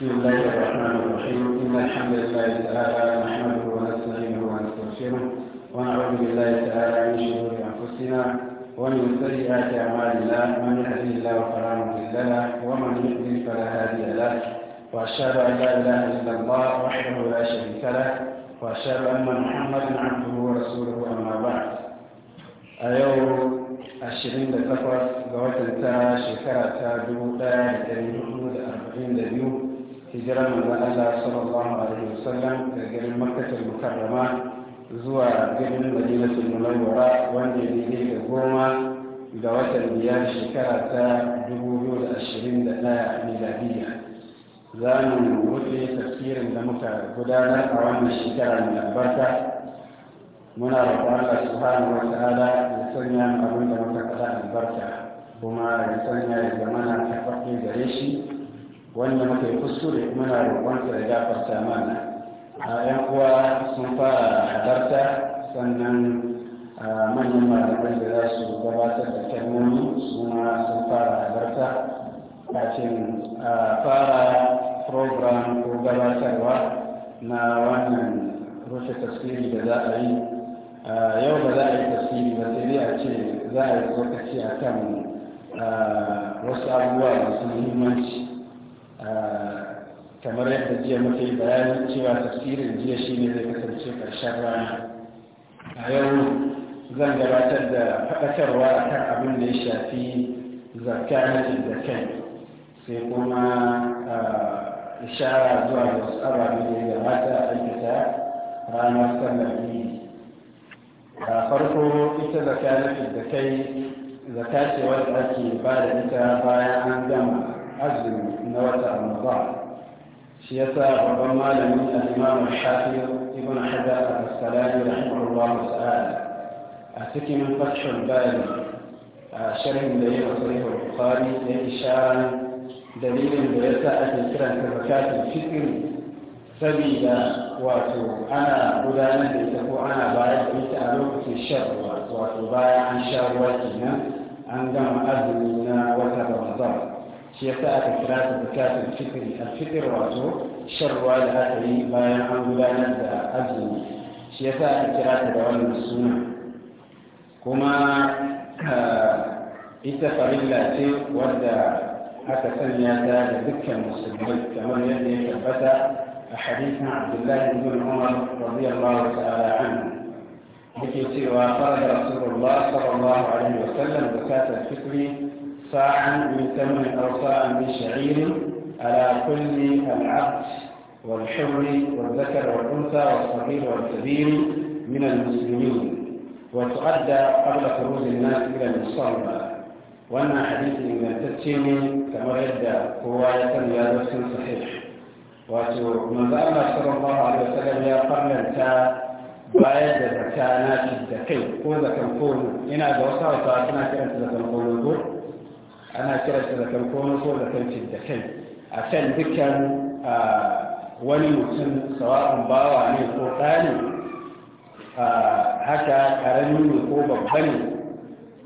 بسم الله الرحمن الرحيم إن الحمد لله تعالى نحمده ونستعينه ونستغفره ونعوذ بالله تعالى من شرور أنفسنا ومن سيئات أعمالنا من يهده الله فلا مضل له ومن يضلل فلا هادي له وأشهد أن لا إله إلا الله وحده لا شريك له وأشهد أن محمدا عبده ورسوله أما بعد أيوه ashirin da takwas ga watan ta shekara ta dubu ɗaya da hijira manzon Allah sallallahu alaihi wasallam daga garin Makkatul Mukarrama zuwa garin Madinatul Munawwara wanda ya daidai da goma ga watan biyar shekara ta 2021 miladiya za mu rufe tafsirin da muka gudanar a wannan shekara mai albarka muna roƙon Allah subhanahu wa ta'ala ya sanya mu abin muka kada albarka kuma ya sanya ya zama na karɓaɓɓe gare shi wanda muka yi kuskure muna roƙonsa ya gafarta mana a yan uwa sun fara halarta sannan manyan malamai da za su gabatar da kalmomi suna sun fara halarta kafin fara program ko gabatarwa na wannan rufe tasiri da za a yi yau ba za a yi tasiri ba sai dai a ce za a yi tsokaci a kan wasu abubuwa masu muhimmanci kamar yadda jiya muka yi bayani cewa tafsirin jiya shi ne zai kasance ƙarshen rana a yau zan gabatar da faɗakarwa a kan abin da ya shafi zakka na zakai sai kuma ishara zuwa da wasu ababe da ya gabata a aikata ranar sallar a farko ita zakka na zakai ce wadda ake ba da ita bayan an gama عزم نوسع المصاعب سياسة ربما لم الإمام الحافظ ابن حجر السلام رحمه الله تعالى أتكي من فتح البال آه، شرح دليل صحيح البخاري لإشارة دليل ليس أتكرا كركات الفكر سبيلا واتو أنا بدانا لتكو أنا بعيد في تألوك في الشر واتو بعيد عن شر واتنا نعم. عندما أذننا وتبع ضرب شيخ ساعة الثلاثة بكاس الفكر الفكر وعزو شر والآتري ما ينعم لا نبدا أزو شيخ ساعة الثلاثة دوال السنة كما اتفق آه، الله سيو ودى حتى سمي ذلك ذكى المسلمين كما يدي ثبت حديث عبد الله بن عمر رضي الله تعالى عنه حيث سيوا فرض رسول الله صلى الله عليه وسلم زكاة الفكر صاعا من ثمن أو صاعا من شعير على كل العبد والحر والذكر والأنثى والصغير والكبير من المسلمين وتؤدى قبل خروج الناس إلى المصلى وأن حديث إذا تتم كما يبدأ رواية يا صحيح ومن ذلك صلى الله عليه وسلم يا قبل أنت بعد ذكاء ناس الدقيق قول لك نقول إن هذا وصل وصلتنا كأنت لك نقول ana kiransa da kan kono so da kan da kai a kan dukkan wani mutum sawa'un bawa ne ko ɗani haka ƙarami ne ko babba ne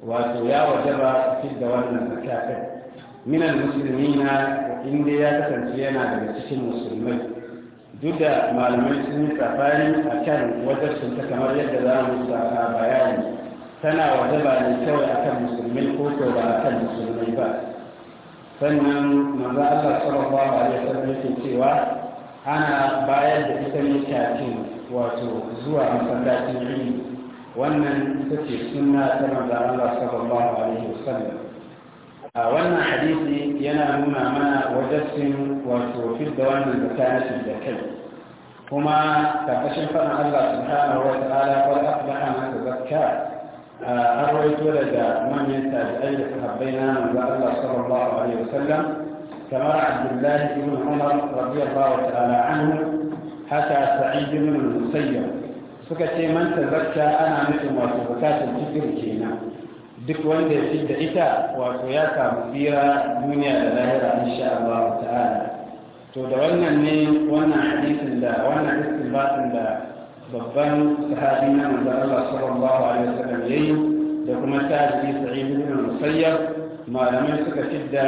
wato ya wajaba fi da wannan zakatin minan musulmi na inda ya kasance yana daga cikin musulmai duk da malamai sun yi tsafani a kan wajen sun ta kamar yadda za mu sa bayani tana ba ne kawai akan musulmai ko ko ba akan musulmai ba sannan manzo Allah sallallahu alaihi wasallam yake cewa ana bayar da ita ne kafin wato zuwa masallacin ilimi wannan ita ce sunna ta manzo Allah sallallahu alaihi wasallam a wannan hadisi yana nuna mana wajen wato fidda wannan zakatun da kai kuma karkashin faɗan Allah subhanahu wa ta'ala qad aflaha man tazakka أرويت آه، ولد من ينسى بأي تخبينا من الله صلى الله عليه وسلم كما عبد الله بن عمر رضي الله تعالى عنه حتى سعيد بن المسيب سكتي من تزكى أنا مثل ما مرتبكات الجسر كينا دك وين دي سيد إتا وكياسا دنيا لاهرة إن شاء الله تعالى تودولنا من وانا حديث الله وانا حديث الله babban sahabi na manzon Allah sallallahu alaihi wasallam yayi da kuma tabi'i sa'id ibn musayyab malamai suka fidda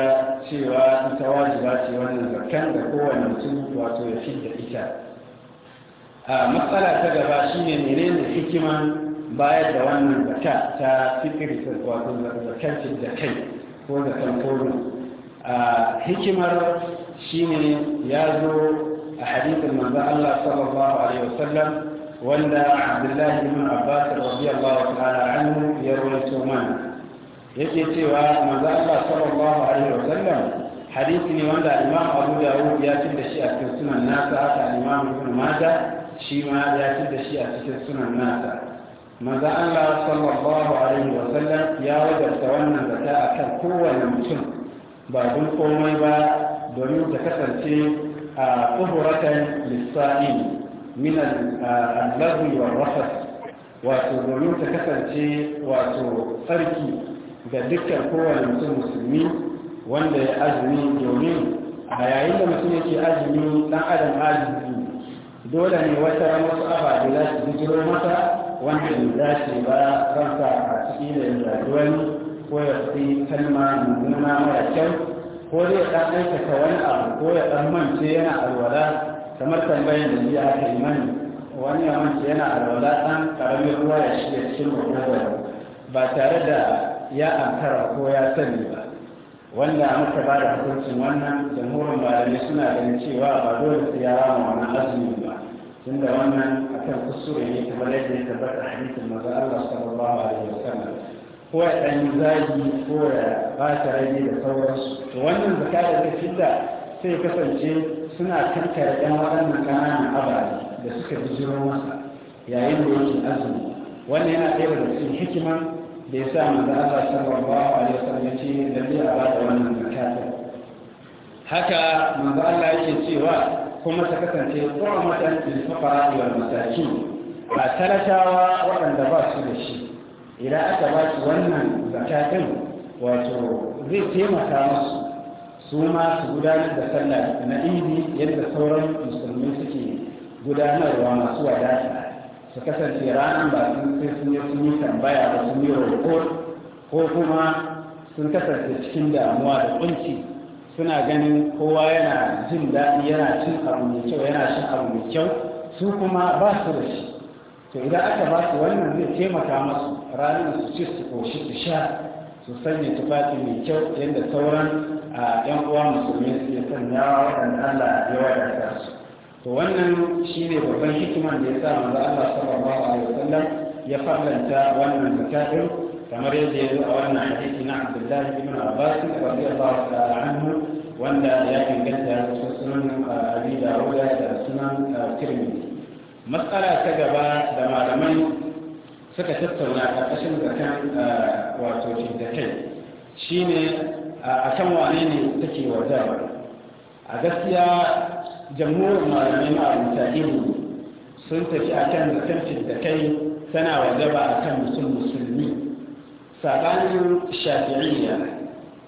cewa ita wajiba ce wannan zakkan da kowane mutum wato ya fidda ita a matsala ta gaba shine menene hikiman bayar da wannan zakka ta fikir wato zakar da kai ko zakan kono a hikimar shine ya zo a hadithin manzon Allah sallallahu alaihi wasallam wanda abdullahi ibn abbas radiyallahu ta'ala anhu ya rawaito mana yake cewa manzo Allah sallallahu alaihi wasallam hadisi ne wanda imam abu dawud ya tinda shi a cikin sunan nasa haka imam ibn majah shi ma ya tinda shi a cikin sunan nasa manzo Allah sallallahu alaihi wasallam ya wajarta wannan zata akan kowane mutum ba don komai ba domin ta kasance a tsuburatan lissa'in min al-ladhi wato domin ta kasance wato tsarki ga dukkan kowane mutum musulmi wanda ya azumi domin a yayin da mutum yake azumi dan adam azumi dole ne wata wasu ababe za su bijiro mata wanda bai dace ba kansa a ciki da yanzu wani ko ya fi kalma mummuna mara kyau ko zai ɗan aikata wani abu ko ya ɗan mance yana alwala kamar tambayin da biya aka yi mani wani yawanci yana alwala ɗan ƙaramin ruwa ya shiga cikin makogon ba tare da ya ankara ko ya sani ba wanda muka ba da hukuncin wannan jamhurin malamai suna ganin cewa ba dole su ya rama wannan azumi ba tunda wannan akan kusure ne kamar yadda ya tabbata hadisin maza Allah sallallahu alaihi sallam ko ya ɗan zagi ko ya ba ta rage da sauransu wannan zakka da ta sai kasance suna tattara ɗan waɗannan ƙananan ababe da suka fi jiro masa yayin da yake azumi wannan yana ɗaya daga cikin hikima da ya sa da Allah sallallahu alaihi wasallam ya ce da a ba da wannan zakata haka manzo Allah yake cewa kuma ta kasance qurmatan lil fuqara wal masakin ba talatawa waɗanda ba su da shi idan aka ba su wannan zakatin wato zai taimaka musu su ma su gudanar da sallah na idi yadda sauran musulmi suke gudanarwa masu wadata su kasance ranar ba sun sai sun yi sun yi tambaya ba sun yi ko kuma sun kasance cikin damuwa da kunci suna ganin kowa yana jin daɗi yana cin abu mai kyau yana shan abu mai kyau su kuma ba su da shi to idan aka ba su wannan zai taimaka masu ranar su ci su koshi su sha su sanya tufafi mai kyau yadda sauran musanya Allah ya wadata su to wannan shine babban hikiman da ya sa manzo Allah sallallahu alaihi wasallam ya farlanta wannan ɗin kamar yadda ya zo a wannan hadisi na Abdullah ibn Abbas radiyallahu ta'ala anhu wanda ya inganta da sunan Abi Dawud da sunan Tirmidhi matsala ta gaba da malamai suka tattauna a ƙarƙashin zakan wato jindakai shine a kan wane ne take wajawa a gaskiya jamhurin malamai ma'abuta sun tafi a kan zancen da kai tana wajaba a kan musul musulmi saɓanin shafi'iyya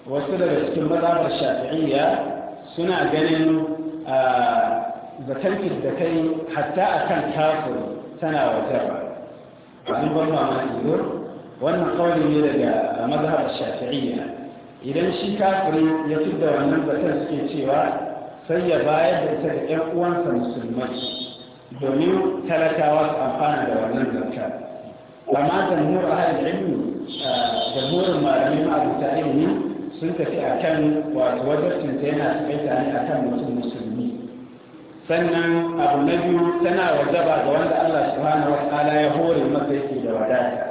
wasu daga cikin mazabar shafi'iyya suna ganin zancen da kai hatta a kan kafin tana wajaba abin ban mamaki wannan kawai ne daga mazhabar shafi'iyya idan shi kafiri ya fi da wannan zaton suke cewa sai ya bayar da ita ga ‘yan uwansa musulmai domin talakawa su amfana da wannan zarta. amma jamhur ahal ilmi ah, jamhurin malamai ma'abuta ilmi sun tafi a kan wato wajen ta yana tafaita ne a kan mutum musulmi sannan abu na biyu tana wajaba ga wanda Allah subhanahu wa ta'ala ya hore masa yake da wadata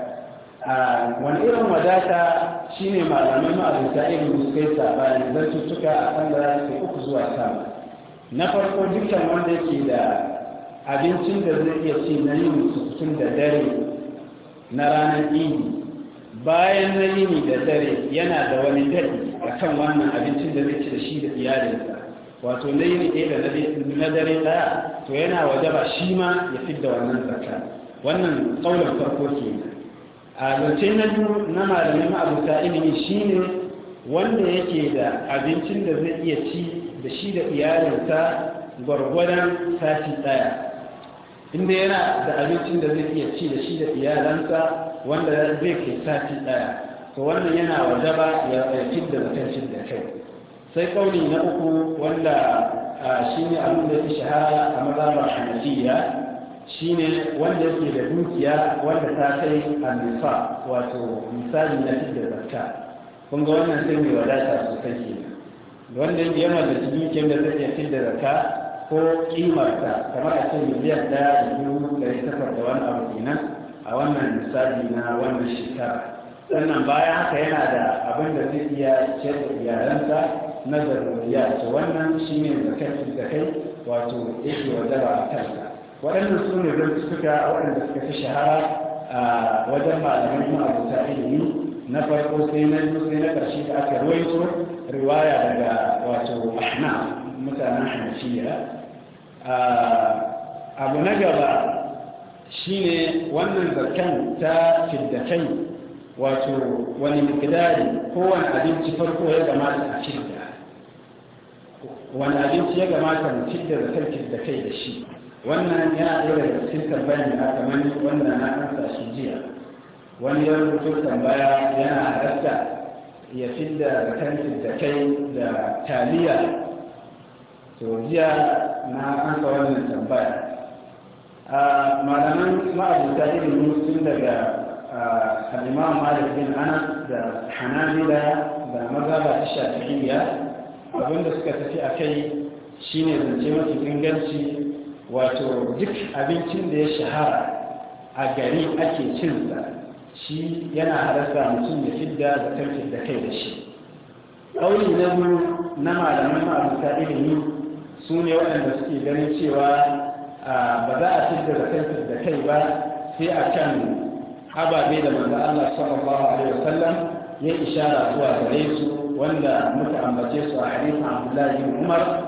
ah, wani irin wadata shi ne malamai ma'azuta irin muskai zan cutuka a kan da su uku zuwa sama na farko dukkan wanda ke da abincin da zai iya ci na yin sukutun da dare na ranar ini bayan na yini da dare yana da wani daɗi a kan wannan abincin da zai ci da shi da iyalinsa wato na yini ɗaya da na dare ɗaya to yana wajaba shi ma ya fi da wannan zaka wannan ƙaunar farko kenan a na biyu na malamai ma'abuta ilimi shine wanda yake da abincin da zai iya ci da shi da iyalinsa gwargwadon sati ɗaya inda yana da abincin da zai iya ci da shi da iyalansa wanda zai kai sati ɗaya to wannan yana wajaba ya fit da mutuncin da kai sai kauli na uku wanda a shine abin da ya shahara a a hanafiya shi ne wanda yake da dukiya wanda ta kai a nufa wato misali na da zarta kun ga wannan sun mai wadata sosai ke wanda yake yana da dukiyar da ta iya da zarta ko kimarta kamar a cikin miliyan ɗaya da biyu ɗari takwas da wani abu kenan a wannan misali na wannan shekara sannan bayan haka yana da abin da zai iya ce da iyalansa na zaruriya to wannan shi ne da kai wato yake wadara a kansa waɗannan su ne zai suka waɗanda suka fi shahara a wajen malamin kuma abuta ilimi na farko sai na biyu sai na ƙarshe da aka ruwaito riwaya daga wato ahna mutanen hanafiya abu na gaba shine wannan zarkan ta fiddakai wato wani mikidari kowane abinci farko ya gamata a fidda wani abinci ya gamata mutum da zarkan fiddakai da shi wannan ya ɗaya daga cikin tambayar da aka mani wanda na ansa shi jiya wani ya rubuto tambaya yana halatta ya fidda zakan da kai da taliya to jiya na ansa wannan tambaya a malaman ma'abuta ilimi sun daga halimawa malik bin ana da hanabila da mazaba ta shafi'iyya abinda suka tafi a kai shine zance mafi inganci wato duk abincin da ya shahara a gari ake cinsa shi yana harasa mutum ya fidda da tarfin da kai da shi ƙauni na biyu na malaman ma'abuta ilimi su ne waɗanda suke ganin cewa ba za a fidda da tarfin da kai ba sai a kan ababe da manzo Allah sallallahu alaihi wasallam ya ishara zuwa gare su wanda muka ambace su a hadisin Abdullahi Umar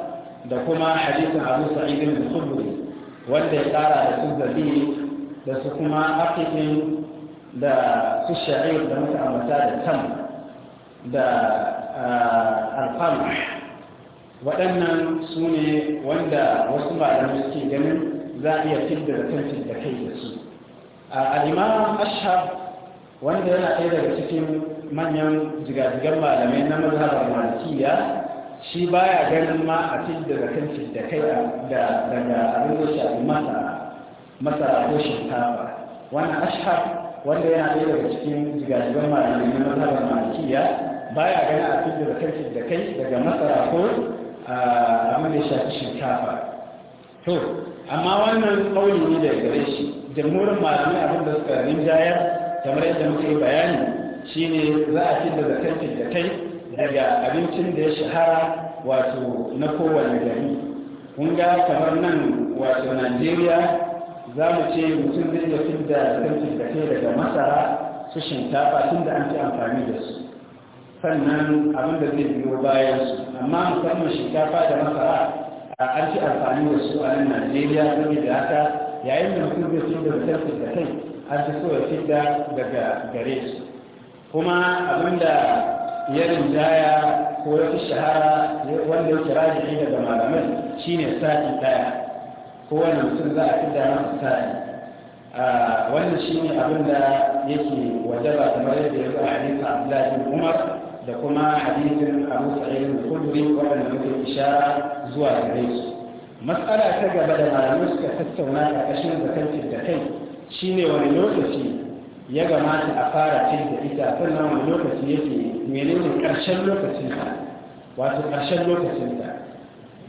da kuma hadisin abu sa'id bin khudri wanda ya tsara da su zabi da su kuma aqiqin da su sha'ir da muka ambata da tam da alqam waɗannan su ne wanda wasu malamai suke ganin za a iya fidda da kan da kai da su al'imam ashab wanda yana ɗaya daga cikin manyan jigajigan malamai na mazhabar malikiya shi baya ganin ma a cikin da zakan da kai da daga abin da shafi masa masa ko shinkafa wannan ashhar wanda yana da daga cikin jigajigan malamai na mazhabar malikiya baya ganin a cikin da zakan da kai daga masara ko abin da shafi shinkafa to amma wannan kauli ne da gare shi jamhurin malamai abin da suka rinjaya kamar yadda muke bayani shine za a cikin da zakan da kai daga abincin da ya shahara wato na kowane gari kun ga kamar nan wato najeriya za mu ce mutum zai ya fi da kantin daga masara su shinkafa tun da an fi amfani da su sannan abin da zai biyo bayan su amma musamman shinkafa da masara a an fi amfani da su a nan najeriya da haka yayin da mutum zai fi da kantin da an fi so ya fi daga gare su kuma abin da ya rinjaya ko ya fi shahara wanda ya kira daga malamai shine sa'i daya ko wani mutum za a fidda masa sa'i wannan shine abin da yake wajaba kamar yadda ya zo a hadisin Abdullahi Umar da kuma hadisin Abu Sa'id al-Khudri wanda muke ishara zuwa gare su mas'ala ta gaba da malamai suka tattauna a kashin zakar da kai shine wani lokaci ya gamata a fara cin da ita sannan wani lokaci yake ne ƙarshen lokacinta wato ƙarshen lokacinta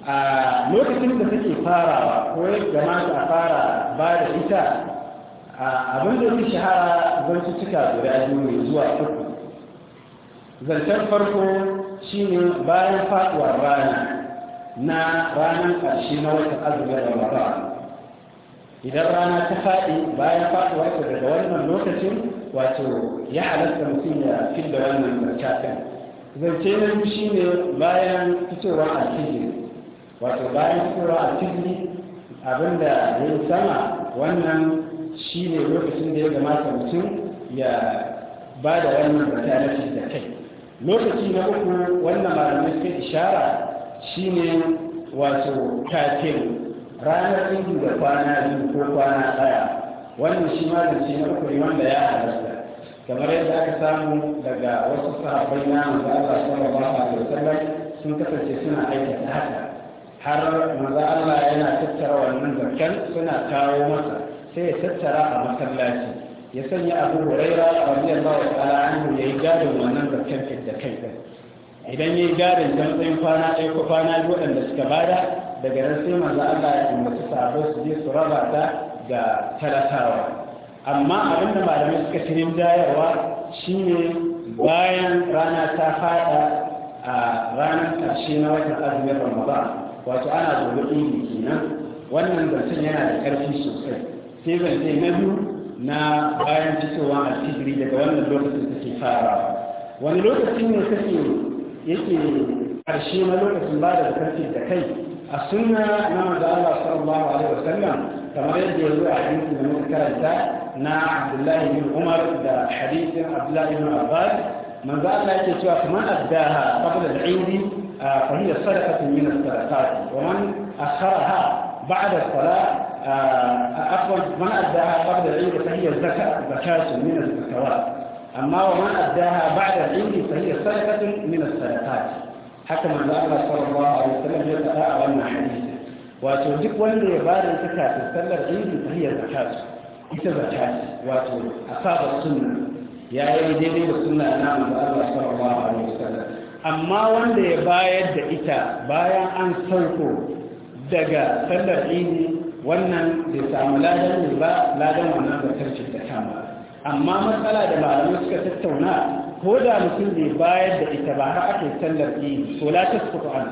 a lokacin da take farawa ko ya gamata a fara ba da ita abin da ya shahara cika guda biyu zuwa uku zancen farko shine bayan faɗuwar rana na ranar ƙarshe na wata azumin ramadan idan rana ta faɗi bayan faɗuwa ta daga wannan lokacin wato ya halatta mutum ya fidda wannan marcafin zance na biyu shi ne bayan fitowar alfijir wato bayan fitowar alfijir abinda ya yi sama wannan shi ne lokacin da ya gamata mutum ya ba da wannan bata da kai lokaci na uku wannan malamai suka ishara shi ne wato kafin ranar ihu da kwana biyu ko kwana ɗaya wannan shi ma da ce na wanda ya halarta kamar yadda aka samu daga wasu sahabbai na manzo Allah sallallahu alaihi wasallam sun kasance suna aikata haka har maza Allah yana tattara wannan zakkan suna kawo masa sai ya tattara a masallaci ya sanya Abu Huraira radiyallahu ta'ala anhu yayi gadon wannan zakkan da kai idan yayi gadon dan tsayin kwana ɗaya ko kwana biyu waɗanda suka bada daga nan sai manzo Allah ya umarci sahabbai su je su raba ta ga talatawa. amma abin da malamai suka shirin jayarwa shine bayan rana ta fada a ranar ƙarshe na watan azumin ramadan wato ana zuwa ɗin kenan wannan zancen yana da ƙarfi sosai sai zance na biyu na bayan fitowa tigiri daga wannan lokacin suke fara. wani lokacin ne kake yake ƙarshe na lokacin ba da karfi da kai السنة أمام نعم الله صلى الله عليه وسلم كما يجب هو حديث من ده نا عبد الله بن عمر ده حديث عبد الله بن عباس من ذا الله يتسوى فمن أداها قبل العيد آه، فهي صدقة من الصدقات ومن أخرها بعد الصلاة أقول آه، من أداها قبل العيد فهي زكاة زكاة من الزكوات أما ومن أداها بعد العيد فهي صدقة من الصدقات haka manzo Allah sallallahu alaihi wasallam ya faɗa a wannan hadisi wato duk wanda ya bada zakka ta sallar idi ta hiyar zakat ita zakat wato asaba sunna ya yi daidai da sunna na manzo Allah sallallahu alaihi wasallam amma wanda ya bayar da ita bayan an sauko daga sallar idi wannan bai samu ladan ne ba ladan wannan zakar ce ta kama amma matsala da malamai suka tattauna ko da mutum bai bayar da ita ba har ake sallar idi to la tasqutu an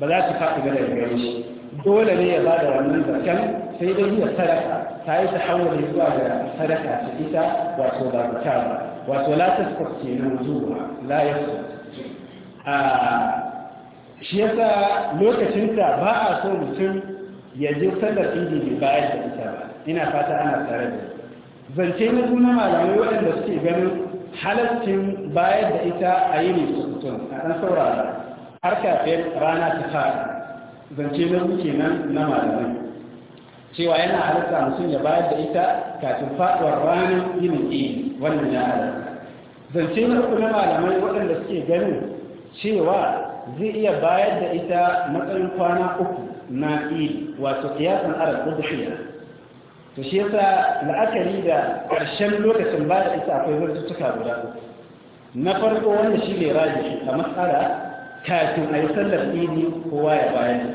ba za ta faɗi gare gare shi dole ne ya ba da wannan zakan sai dai ya sadaka ta yi tahawuri zuwa ga sadaka ta ita wato ba ta ba wato la tasqutu kenan zuwa la yasqutu a shi yasa lokacin ta ba a so mutum ya je sallar idi bai bayar da ita ba ina fata ana tare da zance na kuma malamai waɗanda suke ganin halaccin bayar da ita a yi ne sukutun a ɗan saurara har kafin rana ta fara zance na suke nan na malamai cewa yana halatta mutum ya bayar da ita kafin faɗuwar rana yinin iya wannan ya halatta zance na kuma na malamai waɗanda suke ganin cewa zai iya bayar da ita matsayin kwana uku na iya wato kiyasan arab da to shi yasa la'akari da ƙarshen lokacin ba da isa akwai zartuttuka guda na farko wanda shi ne raji a matsala kafin a yi sallar idi kowa ya bayan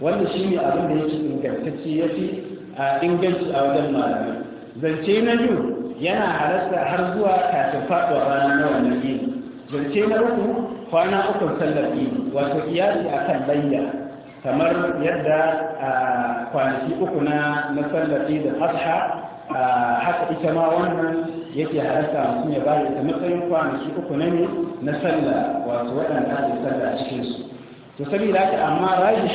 wanda shi ne abin da ci ingantacci ya fi a inganci a wajen malamai zance na biyu yana halarta har zuwa kafin faɗuwa ranar na wannan idi zance na uku kwana ukun sallar idi wato iyali akan layya kamar yadda kwanaki uku na na sallafi da asha haka ita ma wannan yake halatta mutum ya bada da matsayin kwanaki uku na ne na sallah wato waɗanda ake sallah a cikinsu to saboda haka amma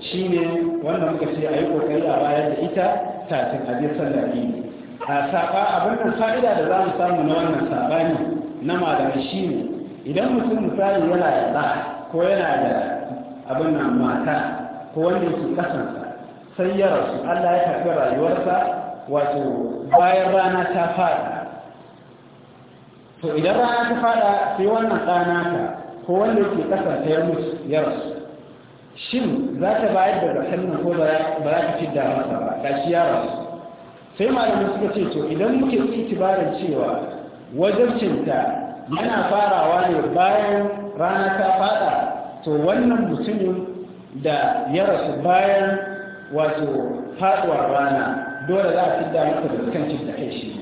shi ne wanda muka ce a yi ƙoƙari a bayar da ita tafin a je sallah ne a saɓa, abin nan fa'ida da za mu samu na wannan sabani na malamai shi ne. idan mutum misali yana da ko yana da abin nan mata ko wanda ke kasansa sai ya rasu Allah ya karɓi rayuwarsa wato bayan rana ta fada to idan rana ta fada sai wannan ɗana ta ko wanda ke kasansa ya mutu ya rasu shin za ta bayar da zakan nan ko ba za ta da masa ba ga shi ya rasu sai malamin suka ce to idan muke tibarin cewa cinta yana farawa ne bayan rana ta fada to wannan mutumin da ya rasu bayan wato faduwar rana dole za a fi maka da kancin da kai shi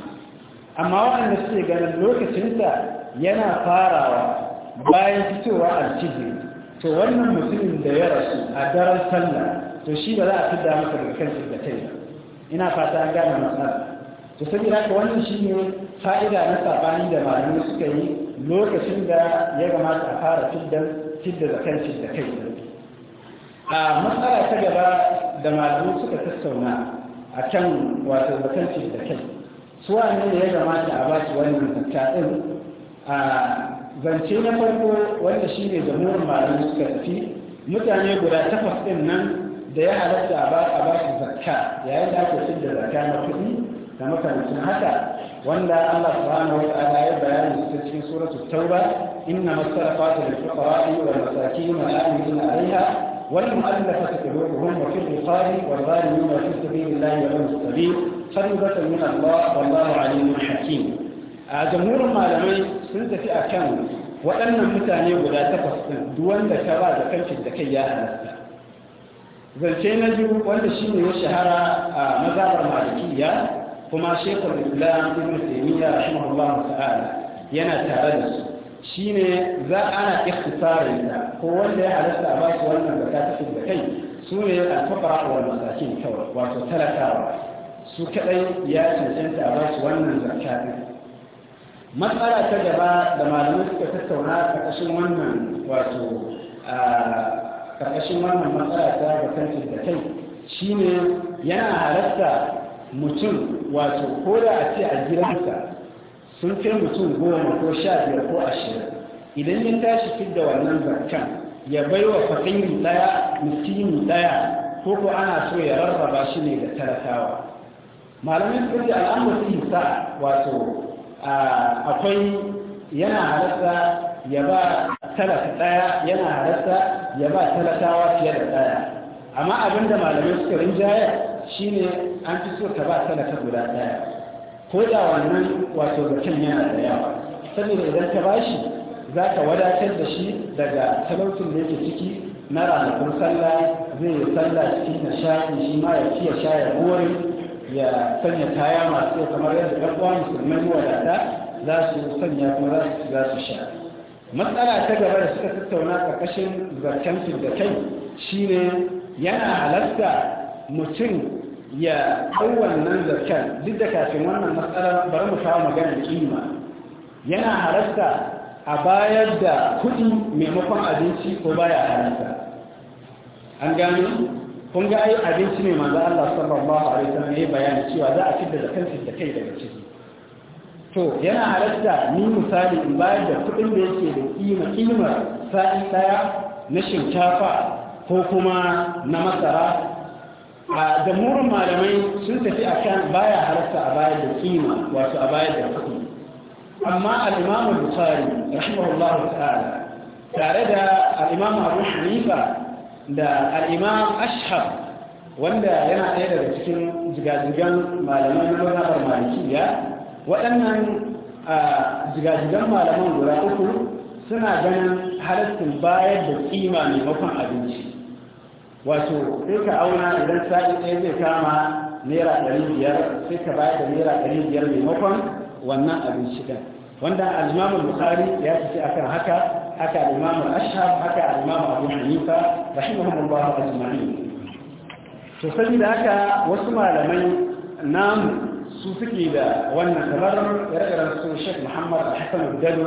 amma waɗanda suke ganin lokacinsa yana farawa bayan fitowa alfijir to wannan mutumin da ya rasu a daren sallah to shi ba za a fi maka da kancin da kai ina fata an gane matsala to saboda haka wannan ne fa'ida na saɓani da malamai suka yi lokacin da ya gamata a fara cidda zakan cidda kai a matsala ta gaba da malamu suka tattauna a kan wato zakan cidda kai su ne da ya gamata a ba shi wannan din a zance na farko wanda shi ne jamurin malamu suka tafi mutane guda takwas din nan da ya halatta a ba su zakka yayin da aka cidda zakka na kuɗi da makamancin haka wanda Allah subhanahu wa ta'ala ya bayani ta cikin suratul tauba inna masalafatu lil fuqara'i wal masakin wal amilina 'alayha wal mu'allafati qulubuhum wa fil riqabi wal gharimina fi sabilillahi wa ibn sabil fardatan min Allah wallahu 'alimun hakim a jamhurin malamai sun tafi akan waɗannan mutane guda takwas ɗin duk wanda ka ba da kankin da kai ya halatta zance na biyu wanda shine ya shahara a mazabar malikiya كما شيخ الإسلام ابن تيمية رحمه الله تعالى ينا تعالى شيني ذا أنا اختصار هو اللي على السعباس وأنا بكاتب في البكي سوني الفقراء والمساكين كورا وارتو ثلاثة وارتو سوكي ياسم سنت عباس وأنا بكاتب مسألة تجربة لما نسك تستونا تقشن وانا وارتو آه، تقشن وانا مسألة تجربة كانت البكي شيني ينا mutum wato ko da a ce a gidansa sun kai mutum goma ko sha biyar ko ashirin idan ya tashi da wannan zancen ya bai wa fakiri daya miskini daya ko ko ana so ya rarraba shi ne ga talakawa malamin kudi al'amurci sa wato akwai yana halatta ya ba talaka daya yana halatta ya ba talakawa fiye da daya amma abinda malamai suka rinjaya shine an fi so ta ba ta guda ɗaya ko da wannan wato mutum yana da yawa saboda idan ta bashi za ta wadatar da shi daga talautun da yake ciki na ranakun sallah zai yi sallah cikin nishaɗi shi ma ya fiye sha ya ya sanya kaya masu yau kamar yadda ɗan'uwa musulmai wadata za su sanya kuma za su sha matsala ta gaba da suka tattauna ƙarƙashin zarcen da kai shine yana halarta mutum ya ɗau wannan zarcen duk da kafin wannan matsala bari mu kawo magana da kima yana harasta a bayar da kuɗi maimakon abinci ko baya harasta an gano kun ga ai abinci ne manzo Allah sallallahu alaihi wasallam ya bayani cewa za a fitar da kansa da kai daga ciki to yana harasta ni misali in bayar da kuɗin da yake da kima kima sa'i daya na shinkafa ko kuma na masara a jamhurin malamai sun tafi a kan baya halarta a bayar da kima wasu a bayar da kuɗi amma al'imamu bukari rahimahullahu ta'ala tare da al'imamu abu hanifa da al'imam ashab wanda yana ɗaya daga cikin jigajigan malamai na mazhabar malikiya waɗannan jigajigan malaman guda uku suna ganin halittin bayar da kima maimakon abinci wato sai ka auna idan sa'i ɗaya zai kama naira ɗari biyar sai ka bayar da naira ɗari biyar maimakon wannan abinci ɗin wanda al-imamul ya fice akan haka haka al-imamul ashhab haka al-imamu abu hanifa rahimahumullahu ajma'in to saboda haka wasu malamai namu su suke da wannan kamar yarkarar su Sheikh Muhammad Hassan Gado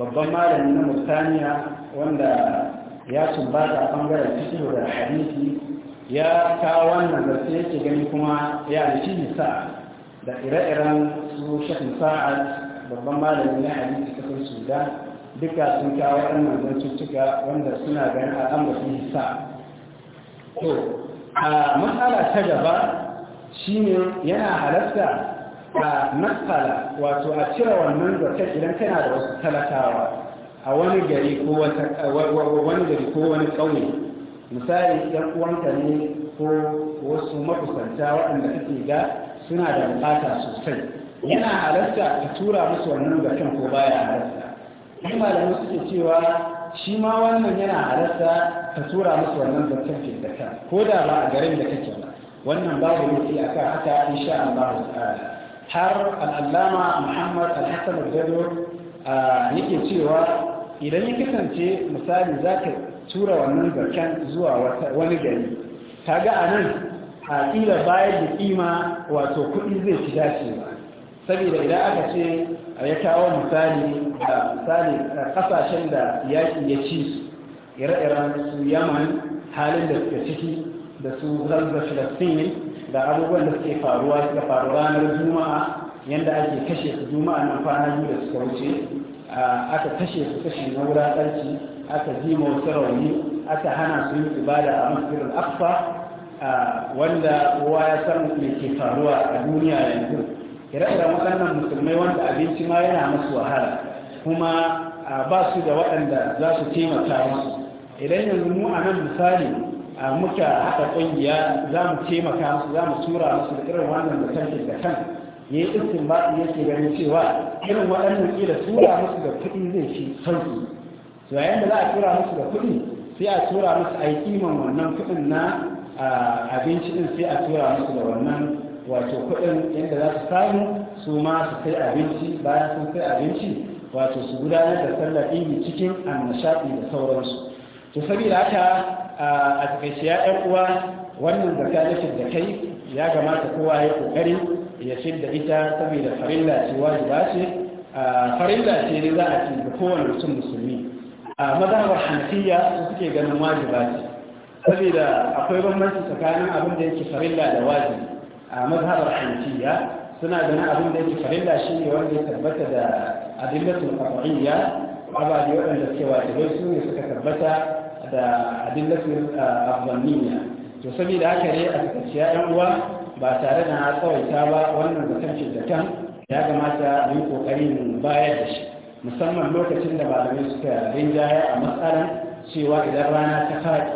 babban malamin na Mauritania wanda ya sumbata a bangaren cikin da hadisi ya kawo wannan da sai yake gani kuma ya alishi nisa da ire-iren su shafin sa'ad babban malamin na hadisi kasar sudan duka sun kawo wannan cika, wanda suna gani a al'amarin nisa to a matsala ta gaba shine yana halatta a matsala wato a cire wannan ta idan tana da wasu talakawa a wani gari ko wani gari ko wani ƙauye misali ɗan uwanka ne ko wasu makusanta waɗanda kake ga suna da bukata sosai yana halarta ka tura musu wannan bakin ko baya halarta kuma malamai suke cewa shi ma wannan yana halarta ka tura musu wannan bakin ke da kan ko da ba a garin da kake ba wannan babu rufi a kan haka insha Allah har al'allama muhammad al-hassan al-gado yake cewa idan ya kasance misali za ka tura wannan zaken zuwa wani gari ta ga a nan a ƙila bayan da ƙima wato kuɗi zai ci dace ba saboda idan aka ce a ya kawo misali da misali ƙasashen da yaƙi ya ci su ire-iren su yaman halin da suka ciki da su zanzar filistini da abubuwan da suke faruwa suka faru ranar juma'a yadda ake kashe su juma'a na kwana biyu da suka wuce aka kashe su kashe na wulaƙanci aka ji wasu rauni aka hana su yin ibada a masjidin akfa wanda kowa ya san me ke faruwa a duniya yanzu ire da waɗannan musulmai wanda abinci ma yana musu wahala kuma ba su da waɗanda za su taimaka musu idan yanzu mu a nan misali muka haɗa ƙungiya za mu taimaka musu za mu tura musu da irin wannan mutankin da kan ya yi istinbadi yake ganin cewa irin waɗannan kila tura musu da kuɗi zai shi sauki to yayin da za a tura musu da kuɗi sai a tura musu a yi kiman wannan kuɗin na abinci ɗin sai a tura musu da wannan wato kuɗin yadda za su samu su ma su kai abinci bayan sun kai abinci wato su gudanar da sallar idi cikin annashaɗi da sauransu to saboda haka a takaice ya ɗan uwa wannan zakka da kai ya gamata kowa ya ƙoƙari ya da ita saboda farilla ce wajiba ce farilla ce ne za a ce ga kowane mutum musulmi a mazhabar hanafiya su suke ganin wajiba ce saboda akwai bambanci tsakanin abin da yake farilla da wajibi a mazhabar hanafiya suna ganin abin da yake farilla shine wanda ya tabbata da adillatul qat'iyya ababe waɗanda suke wajibai su ne suka tabbata da adillatul afdaniya to saboda haka ne a cikin 'yan uwa ba tare da na tsawaita ba wannan zaton da ya kamata mu yi mu bayar da shi musamman lokacin da malamai suka rinjaya a matsalan cewa idan rana ta faɗi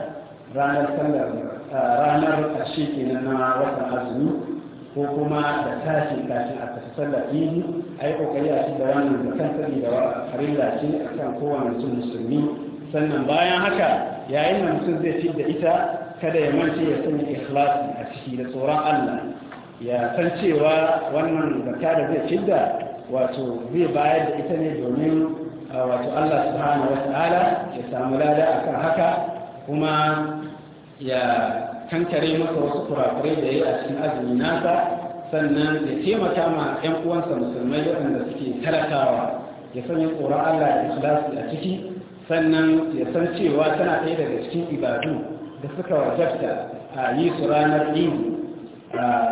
ranar sandar ranar ƙarshe kenan na watan azumi ko kuma da tashi kafin a tafi sallar idi a yi kokari a cikin wannan zaton saboda harilla ce a kan kowane mutum musulmi sannan bayan haka yayin da mutum zai ci da ita kada ya mance ya sanya ikhlasi a ciki da tsoron Allah ya san cewa wannan zakka da zai cidda wato zai bayar da ita ne domin wato Allah subhanahu wata'ala ya samu lada akan haka kuma ya kankare masa wasu kurakurai da ya a cikin azumi nasa sannan ya taimaka ma 'yan uwansa musulmai waɗanda suke talakawa ya sanya tsoron Allah da ikhlasi a ciki sannan ya san cewa tana ɗaya daga cikin ibadu da suka wajabta a yi su ranar idi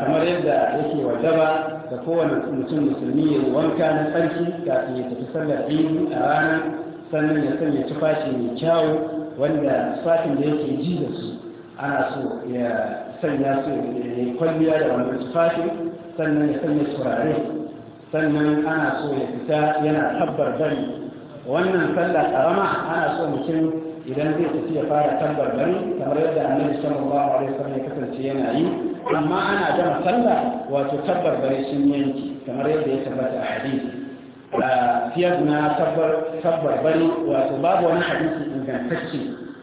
kamar yadda yake wajaba da kowane mutum musulmi ya wanka na tsarki kafin ya tafi sallar idi a rana, sannan ya sanya tufafi mai kyawu wanda fatin da yake ji da su ana so ya sanya su ya yi kwalliya da wannan tufafi sannan ya sanya turare sannan ana so ya fita yana tabbar bari wannan sallah karama ana so mutum idan zai tafi ya fara tabbar bari kamar yadda annabi sallallahu alaihi wasallam ya kasance yana yi amma ana gama sallah wato tabbar bari sun yanki kamar yadda ya tabbata a hadisi fiyar na tabbar bari wato babu wani hadisi ingantacce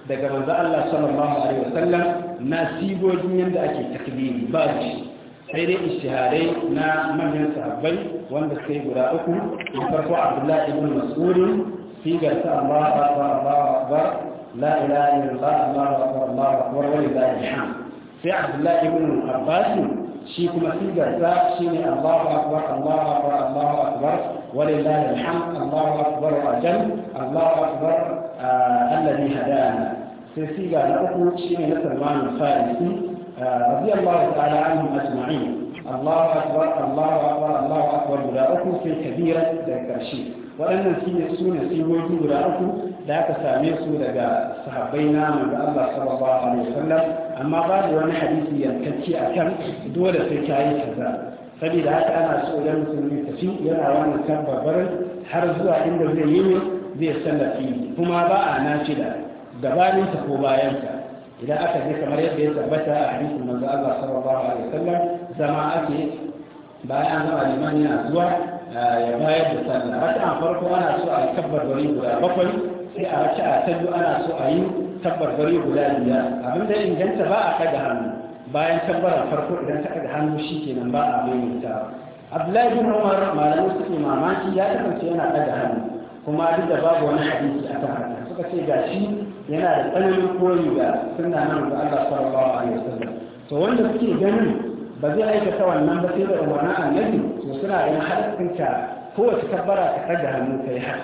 daga manzo Allah sallallahu alaihi wasallam na sigogin yadda ake takbiri babu shi sai dai ishihadai na manyan sahabbai wanda sai guda uku na farko abdullahi ibn mas'udin sigar ta Allah akbar Allah akbar la ilaha illallah Allah akbar Allah akbar wa lillahi sai abdullahi ibn abbas shi kuma sigar sa shine Allah akbar Allah akbar Allah akbar wa lillahi alhamd Allah akbar wa Allah akbar alladhi hadana sai siga na uku shine na Salman al-Farisi رضي الله تعالى عنهم أجمعين الله أكبر الله أكبر الله أكبر ولا في waɗannan su ne su guda uku da aka same su daga sahabbai na manzo Allah sallallahu alaihi wasallam amma babu wani hadisi yankacce akan dole sai ka kaza saboda haka ana so idan musulmi tafi yana wani kan har zuwa inda zai yi zai sallafi kuma ba a shida da gabaninsa ko bayansa idan aka je kamar yadda ya tabbata a hadisin manzo Allah sallallahu alaihi wasallam zama ake bayan an gama liman yana zuwa ya bayar da sallah raka'a farko ana so a tabbar gari guda bakwai sai a wata a biyu ana so a yi tabbar gari guda biyar abin da inganta ba a kaga hannu bayan tabbara farko idan ta kaga hannu shikenan ba a maimaita Abdullahi bin Umar malamin suke mamaki ya kasance yana kaga hannu kuma duk da babu wani hadisi akan haka suka ce ga shi yana da tsananin koyi da suna nan da Allah sallallahu alaihi wasallam to wanda suke ganin ba zai aikata wannan ba sai da umarnin annabi to suna ganin haƙƙinta kowace tabbara ta ɗaga hannu kai har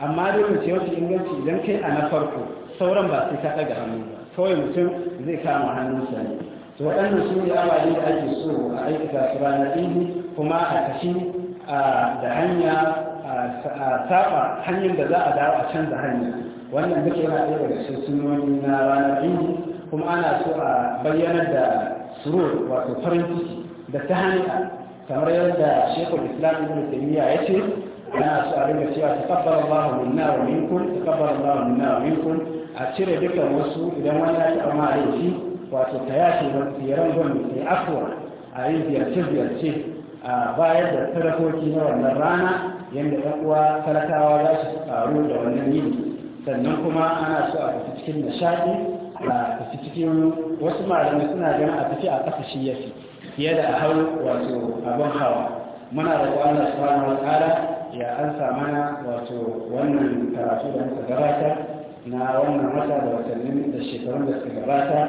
amma dai mu ce wata inganci idan kai a na farko sauran ba sai ka ɗaga hannu ba kawai mutum zai kama hannunsa ne to waɗannan su ne ababen da ake so a aikata su ranar idi kuma a kashi da hanya a saba hanyar da za a dawo a canza hanya wannan duka yana ɗaya daga cikin sunoni na ranar idi kuma ana so a bayyanar da surur wato farin ciki da ta hanya kamar yadda shekul islam ibn taymiya ya ce ana so a rinka cewa takabbara Allahu minna wa minkum takabbara Allahu minna wa minkum a cire dukkan wasu idan wani ya taɓa ma laifi wato ta yace tseren gwamnati ne afuwa a yin ziyarce-ziyarce a bayar da sadakoki na wannan rana yadda ɗan uwa talakawa za su faru da wannan yini sannan kuma ana so a fita cikin nishaɗi a fita cikin wasu malamai suna ganin a tafi a ƙasa shi ya fi fiye da a hau wato abin hawa muna da Allah subhanahu wa ta'ala ya ansa mana wato wannan karatu da muka gabata na wannan wata da watannin da shekarun da suka gabata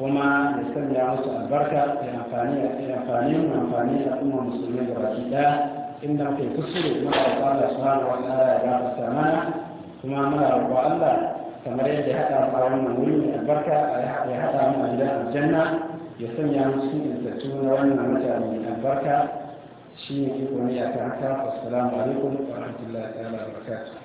kuma ya sanya musu albarka ya amfani ya amfani mu amfani da kuma musulmi da baki daya inda muke kusuru muna da Allah subhanahu wa ya gafarta mana kuma muna roƙo Allah kamar yadda ya haɗa mu a wannan wuri mai albarka ya haɗa mu a gidan aljanna ya sanya mu cikin intattu na wannan mutane mai albarka shi ne ke kuma ya ta haka assalamu alaikum wa rahmatullahi ta'ala wa barakatuh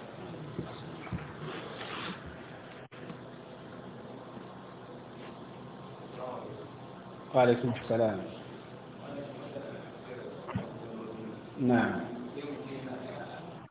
وعليكم السلام نعم